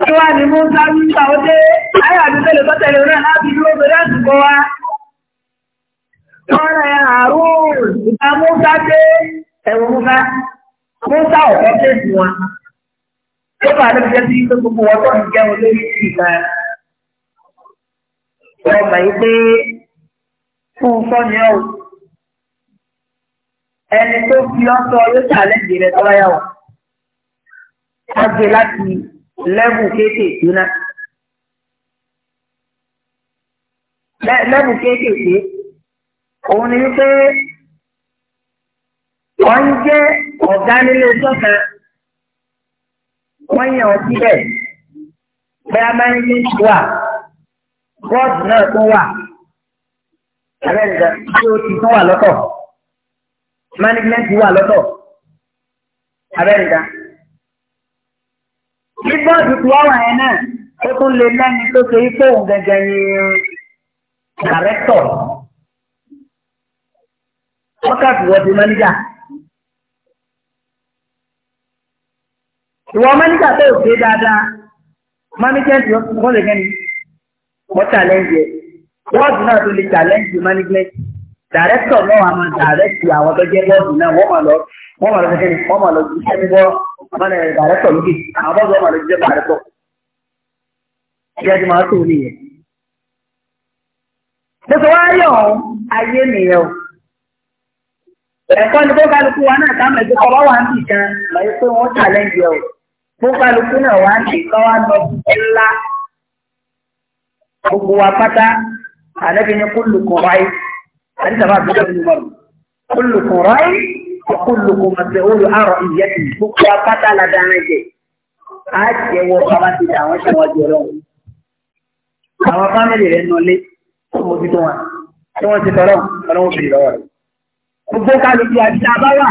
Speaker 1: tí wàá ní mú ká ń gbà ó dé ayé àdúgbò tó tẹ̀lé náà láti dúró bẹ̀rẹ̀ àsìkò wa ọ̀rẹ́ àrùn ìgbà mú ká dé ẹ̀wọ̀n mú ká mú ká ọ̀pọ̀ tẹ̀sí wọn. ó bá a lè jẹ́ sí gbogbo ọ̀tọ̀ ìjẹun lórí ìgbà ọmọ yìí pé fún fọ́ni ọ̀ ẹni tó fi ọ́sọ yóò ṣàlẹ́jì rẹ̀ tọ́lá yà wọ̀ á gbé láti lẹ́bù kéékèèké náà. lẹ́bù kéékèèké òun ni wípé wọ́n ń jẹ́ ọ̀gá nílé sọ́kà wọ́n yàn ọ́ síbẹ̀ bẹ́ẹ̀ máa ń ní wà bọ́ọ̀dù náà tó wà abẹ́rẹ́dà tí ó ti tún wà lọ́tọ̀ mánéjìmẹ́ntì wà lọ́tọ̀ abẹ́rẹ́dà bí bọ́ọ̀dù tó wà wà yẹn náà ó tún lè lẹ́ni tó ṣe ipò òun gẹ́gẹ́ ní dàrẹ́tọ̀ wákàtí wọ́n ti mánéjà. ìwọ mánéjà tó ṣe dáadáa mánéjẹ́ntì wọ́n lè gẹ́ni wọ́n challenge ẹ̀ bọ́ọ̀dù náà tó lè challenge management director náà wà máa direct àwọn tó jẹ́ bọ́ọ̀dù náà wọ́n máa lọ wọ́n máa lọ sí kẹ́ni wọ́n máa lọ sí kẹ́ni bọ́ mọ́nà director lókè àwọn bọ́ọ̀dù wọ́n máa lọ sí jẹ́ director. bí a ti máa tó nìyẹn. mo sọ wá rí ọ̀hún ayé nìyẹn o. ẹ̀kọ́ ni bókálukú wa náà ká mẹ́jọ kọ́ wá ń bì kan lọ́yẹ́ pé wọ́n challenge ẹ̀ o. bókálukú náà wá ń bì kan wá lọ sí ńlá gbogbo wa pátá àlẹ́bí ni kullukum ra'i àdìsàbà àbúrò ní ìwọ̀rù kullukum ra'i kullukum mas'ulu àrò ìyẹ́tì gbogbo wa pátá la dáná jẹ á jẹ wọ bàbá ti dà àwọn ṣẹwọ́n jẹ lọ. àwọn fámìlì rẹ̀ nọlé mo ti tó wọn tí wọ́n ti tọ́lọ́ ọlọ́wọ́ fi lọ́wọ́ rẹ̀. gbogbo kálukú àti àbáwà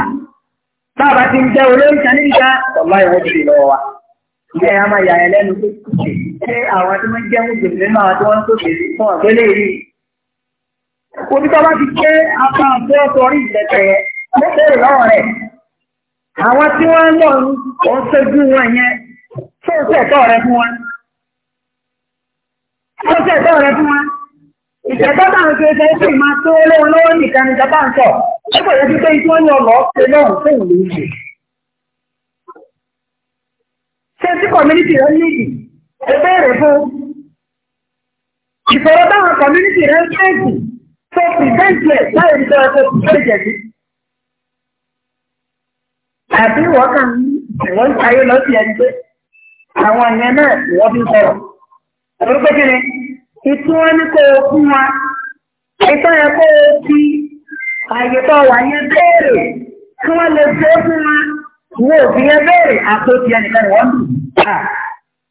Speaker 1: bàbá ti ń jẹ́ olórí kan níbi ká ilé a máa yà ẹ lẹ́nu pé ṣé àwọn tí wọ́n jẹ́ mùsùlùmí nínú àwọn tí wọ́n fún àgbélé bá ti gbé apá lọ́wọ́ rẹ̀. Àwọn tí wọ́n lọ o rẹ fún wọn? rẹ fún wọn? Ìṣẹ̀tọ́ bá ń ṣe ṣe tó lọ́wọ́ nìkan sọ. yẹ ṣé tí community rẹ nídìí ẹ béèrè fún ìfọ̀rọ̀dáwọn community rẹ ń fèsì tó pìtẹ́ǹtì ẹ̀ láì rí tọ́ra tó pìtẹ́ǹtì ẹ̀ sí. àbí wọ́n kàn wọ́n sáyé lọ sí ẹni pé àwọn ìyẹn náà wọ́n fi sọ̀rọ̀. àbúrò pé kí ni ìtú wọn ní kó o fún wa ìtọ́ yẹn kó o fi àyè tó wà yẹn béèrè kí wọ́n lè fẹ́ fún wa wọn ò fi yẹn àpótí ẹnìkan wọ́n dùn. Ah,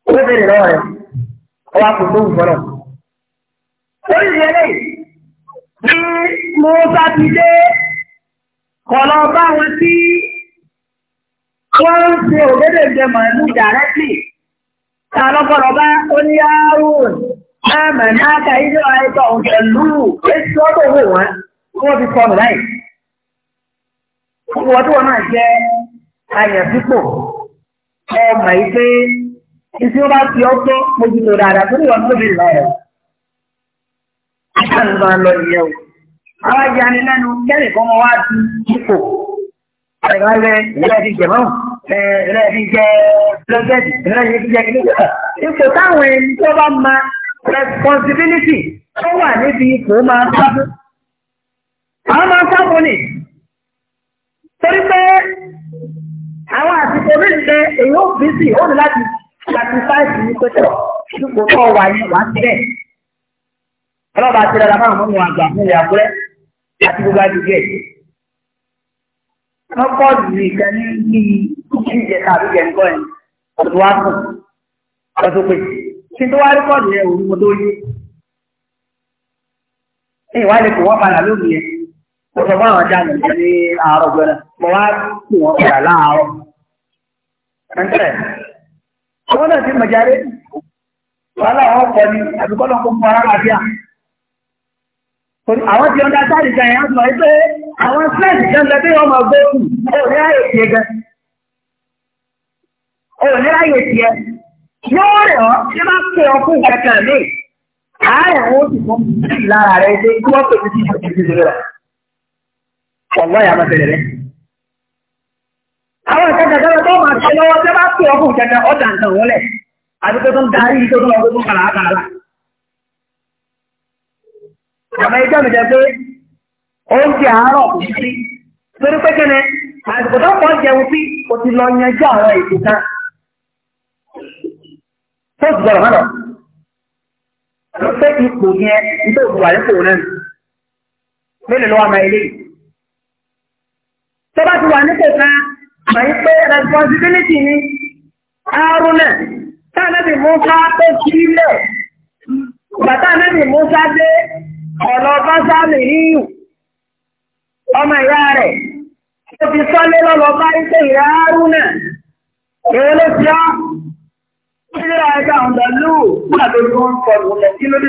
Speaker 1: ó bèrè lọ́wọ́ rẹ̀ ó wá kó tóun fọlọ́. orí ìyẹn lè ní Musa ti dé kọ̀lọ́ bá wọn tí wọ́n ń ṣe òdédè jẹ màálù dàrẹ́tì ta lọ́kọ̀lọ́ bá ó ní áárùn náà mẹ̀nàkà ilé àìsàn òṣèlú èsì ọ̀dọ̀ wò wọ́n kí wọ́n fi kọ́ mi láì. Gbogbo ọdún wọn náà jẹ́ àyẹ̀fípò ọmọ yìí pé ìsìn ó bá fi ọgbẹ́ mójútó dáadáa tó ní lọ rẹ̀. Àṣà ń lọ nìyẹn o. Àwọn ajá ni lẹ́nu kẹ́rì kan wá sí ipò. Ẹ̀ka rẹ̀ ilé ti jẹ̀ mọ́rùn. Ilé ti jẹ lọ́gẹ́dì. Ilé ti jẹ kíní jẹ́. Ipò táwọn ẹni tó bá ma responsibility tó wà níbi ipò máa ń sábò. Àwọn máa ń sábò nì. Torí pé àwọn àsìkò mi lè èyí ó bí sí ó ní láti láti fáìsì ní pẹ́tọ́ dípò tó wà yìí wá síbẹ̀. ọlọ́ba àti ìrẹ̀lẹ̀ máa mú mi àgbà fún ìyá àbúrẹ́ àti gbogbo àdìgẹ́. wọ́n pọ̀ jù ìkan ní bí ìjẹ tàbí jẹ nǹkan ẹ̀ ọ̀dọ̀ wá fún ọ̀dọ̀ pé kí n tó wá rí pọ̀ jù yẹn òun mo tó yé. ẹ wá lè kó wọ́n padà lómi yẹn. mo sọ fún àwọn ọjà mi ní àárọ̀ gbọ́dọ̀ mo wá kó wọ́n padà láàárọ̀ ẹ̀ńtẹ̀ àwọn náà ti mẹ̀járe wàhálà àwọn ọkọ̀ ni àbíkọ́lọ̀ kó fún ara àbí à. àwọn ti ọ̀dà sáàdì kan yẹn á sọ pé àwọn sẹ́ẹ̀sì kan lẹ́tẹ̀ yóò máa gbé kù ó ní ààyè tiẹ̀ gan. ó ní ààyè tiẹ̀ yóò rẹ̀ ọ́ tí wọ́n pè ọ́ fún kankan mi ààrẹ wọn ó sì fún mi lára rẹ̀ ṣe kí wọ́n pè sí ìṣòro àti lọ́wọ́ tẹ́ bá pè ọkùn kẹta ọ̀dà nǹkan òun lẹ̀ àti tó tún darí tó tún lọ́wọ́ tó tún kàrà kàrà. Àmọ́ ẹjọ́ mi jẹ́ pé oúnjẹ àárọ̀ kò sí torí pé kẹ́nẹ́ àsìkò tó pọ̀ jẹun sí kò ti lọ yanjú àwọn ètò kan. Tó ti gbọ́dọ̀ mọ́nà. Ló pé ipò yẹn nítorí òkú àlékò náà. Mélòó ló wà máa ilé Tó bá ti wà nípò kan Màá pé responsibility ni Haruna táàlẹ́bì Musa tó sílẹ̀. Bàtà nẹ́bì Musa dé ọ̀lọ́ Básálì yíyù. Ọmọ ìyá rẹ̀ tó fi sọ́lé lọ́lọ́ bá ń pè ìyá Haruna. Èwo ló fi ọ́? Ìdílé ẹja ọ̀dọ̀lú kúrò lórí wọn kọlù lẹ̀ sí lórí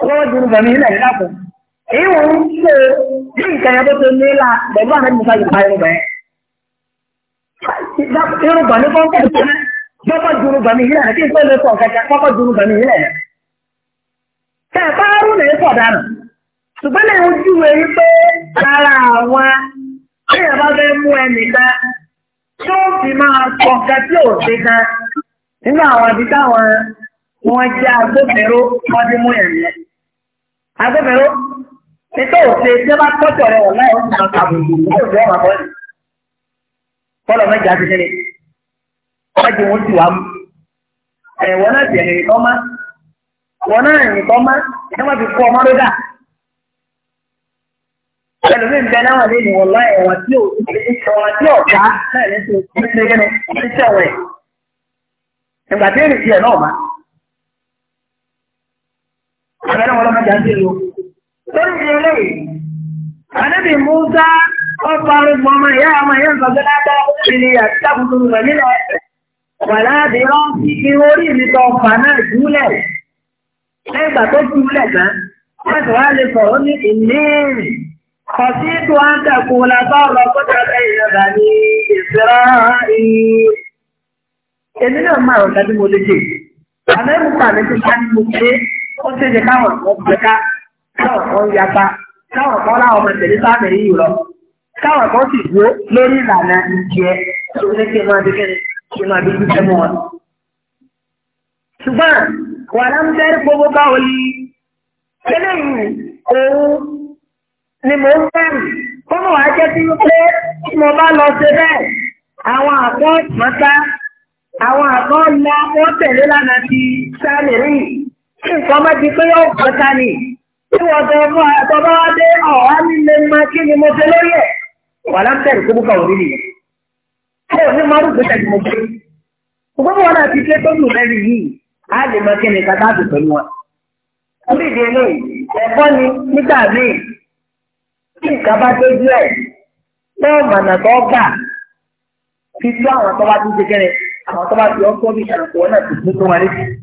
Speaker 1: ọlọ́wọ́ ju bẹ̀mí ilẹ̀ yìí dàpọ̀ èyí wọ́n ń ṣe bí nǹkan yẹn tó ti ní la pẹ̀lú àwọn ẹ̀dínwó sáyẹn báyìí bẹ́ẹ̀. irun bẹ̀mí ilẹ̀ kí n lè ilẹ̀ ṣùgbọ́n pé ara àwọn ẹ̀yà wọ́n jẹ́ agbófinró wọ́n ti mú ẹ̀yẹ. agbófinró títọ́ òṣè tí wọ́n bá tọ́jọ́ rẹ̀ wọ̀n láì ọ̀sán àbùkù ní òṣè ọ̀rọ̀ bọ́ọ̀lù. fọlọ mẹjà ti nílé wọ́n ti wọ́n ti wà mú. ẹ̀wọ̀n náà ti ẹ̀yìn tọ́ má wọ́n náà ẹ̀yìn tọ́ má ẹ̀ wọ́n ti kú ọmọ ló dà. ẹlòmíín bẹ náà lé ní wọ̀lá ẹ̀wọ̀n tí ò ẹ̀wọ̀n tí ọ̀gá náà lẹ́sìn ìgbésẹ̀ gẹ́gẹ́ Àbẹ̀rẹ̀ wọn lọ́mọdé àti ìlú. Lórí ìdí eléyìí, ànábì Musa ọ̀pọ̀ arúgbó ọmọ ìyá ọmọ ìyá nǹkan tó dáadáa lórí ilé àti àkókò rẹ̀ nílẹ̀ ọ̀sẹ̀. Wàlá àbí wọ́n fi irun orí mi tọ ọ̀fà náà júlẹ̀. Lẹ́yìn ìgbà tó júlẹ̀ tán, wọ́n sì wá lè sọ̀rọ̀ ní ìlérí. Kọ̀sí tó á ń tẹ̀kù látọ̀ lọ sọ́dọ̀ ẹ̀yẹ̀dà ní ìsirá ó ṣe ṣe káwọn kan gbẹká káwọn kan yapa káwọn kan láwọn ọmọ tẹ̀lé sáàmì yìí lọ káwọn kan sì dúró lórí ìlànà ìjẹ tó ní kí n máa bí kíni kí n máa bí jíjẹ mọ́ wọn. ṣùgbọ́n wà lámúdẹ́rì gbogbo báwo ni eléyìí òun ni mò ń bẹ̀rù kó mọ̀ wá jẹ́ sí pé tí mo bá lọ ṣe bẹ́ẹ̀ àwọn àkọ́ ìmọ̀ta àwọn àkọ́ ńlá wọ́n tẹ̀lé lánàá ti sáàmì rí nǹkan má di pé yóò gbọ́ ta ni tí wọ́n tọ́ fún àtọ́ bá wá dé ọ̀hán nílé ma kí ni mo fẹ́ lórí ẹ̀ wà látẹ̀rù kó búkà òrí nìyẹn. ó ní máa rúgbó tẹ̀lé mo gbé. ṣùgbọ́n wọn náà ti ké tó lù mẹ́rin yìí á lè mọ kí ni kàtà àti pẹ̀lú wọn. orí ìdí ilé ẹ̀kọ́ ni nígbà míì tí nǹkan bá dé díẹ̀ yóò mọ̀nà tó gbà fi tú àwọn tó bá tún ṣe kẹ́rẹ́ àwọn tó bá fi ọ́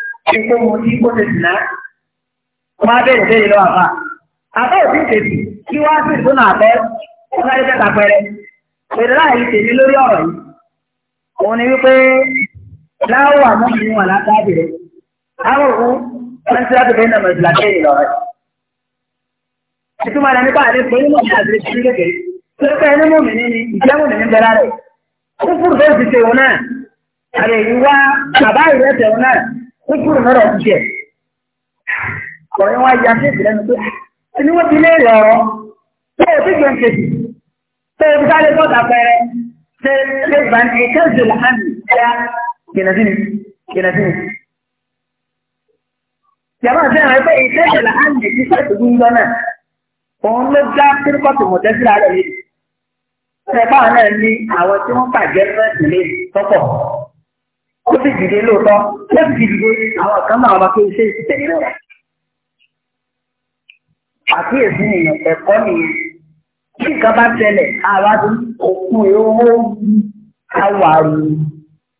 Speaker 1: èkó mu tí ó ti dìnnà ọmọ abẹ́rẹ́ bẹ́ẹ̀ lọ́wọ́ àbá àbá òbí tèmi kí wá sí ìdúnà àbẹ́ ọ̀gáyé tẹ́ta pẹ́rẹ́ pẹ̀lú láàyè tèmi lórí ọ̀rọ̀ yìí òun ni wípé láwọ̀ àmọ́ mi wà látàbẹ̀rẹ̀ àwọn òkú ọ̀rẹ́ sí láti bẹ́ẹ̀ nà mọ̀ ìdìlà bẹ́ẹ̀ lọ́rẹ́ ìtumọ̀ rẹ̀ nípa àlẹ́ pé mímọ̀ ní àdìrẹ́ ti lékè pé ẹni mú mi ní ìjẹ́ mú mi ní bẹ́ẹ̀ rárẹ̀ kúkúrú tó ti ṣe òun náà àlẹ́ ìwá bàbá ìrẹsẹ̀ òun náà ó kúrò lọ́dọ̀ jíjẹ. ọ̀rẹ́ wa ya kéèkì lẹ́nu pé ẹni wọ́n ti lé rẹ̀ ọ́ tó o ti gbọ̀n kéèkì tó o ti ká lè tọ́ta pẹ́rẹ́ ṣe lè gbà ní ìkẹ́jọ làánì ẹ̀yà gẹ̀nàdínì gẹ̀nàdínì. yàrá ṣe hàn pé ìkẹ́jọ làánì ti sẹ́ẹ̀tì gbúngbọ́ náà òun ló dá kíríkọ́tù mọ̀tẹ́sílẹ̀ alẹ́ yìí. ẹ̀ka náà ní àwọn tí wọ́n bàjẹ́ fẹ́ẹ̀sì ó sì dìde lóòótọ́ ó sì dìde àwọn kan náà máa fi ṣe ìṣiṣẹ́ nínú rẹ̀. àkíyèsí nìyẹn ẹ̀kọ́ nìyẹn bí nǹkan bá ṣẹlẹ̀ àwa ti òkun ìhòòhò àwàrù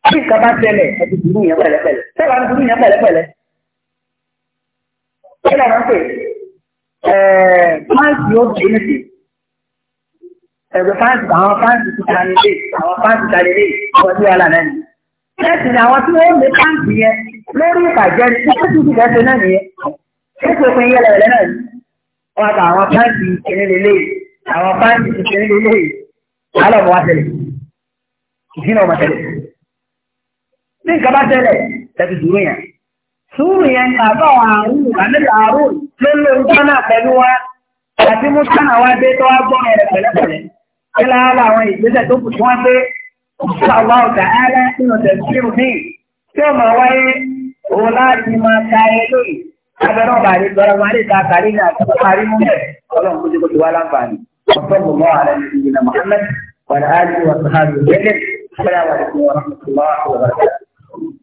Speaker 1: bí nǹkan bá ṣẹlẹ̀ ẹ̀dùn ìlú yẹn pẹ̀lẹ́pẹ̀lẹ́ sẹ́wọ̀n ní ìlú yẹn pẹ̀lẹ́pẹ̀lẹ́ kí ló ń pè ẹ̀ fáǹsì ó dé nìsí ẹ̀rọ fáǹsì àwọn fáǹsì ti ta nílé àwọn fáǹsì ta nílé ọdún wàhálà náà ni bẹ́ẹ̀sì ni àwọn tí wọ́n lè káǹtì yẹn lórí ìbàjẹ́ ní títí títí bẹ́ẹ̀ ṣe náà nìyẹn títí òpin yẹlẹ rẹ náà ni wọn àgbà àwọn káǹtì kìnìún lélẹ̀ àwọn káǹtì kìnìún lélẹ̀ wàhálà ọmọ wa tẹ̀lẹ̀ ìdí náà ọmọ tẹ̀lẹ̀ ní nǹkan bá tẹ̀lẹ̀ tẹ̀sí dúró yẹn sùúrù yẹn bàbá àwọn àrùn àrùn ló ń lo nǹkan náà wa àti mú sánà wa dé tó wá gbọ́ Insha Allah ta'ala nínú tẹ̀sílù míì tí ó máa wáyé òun láti máa ka eléyìí. Abẹ́rẹ́ ọ̀bà àti ìgbọ́ra wọn àti ìtàkà rí ní àti parí mú bẹ̀. Ọlọ́run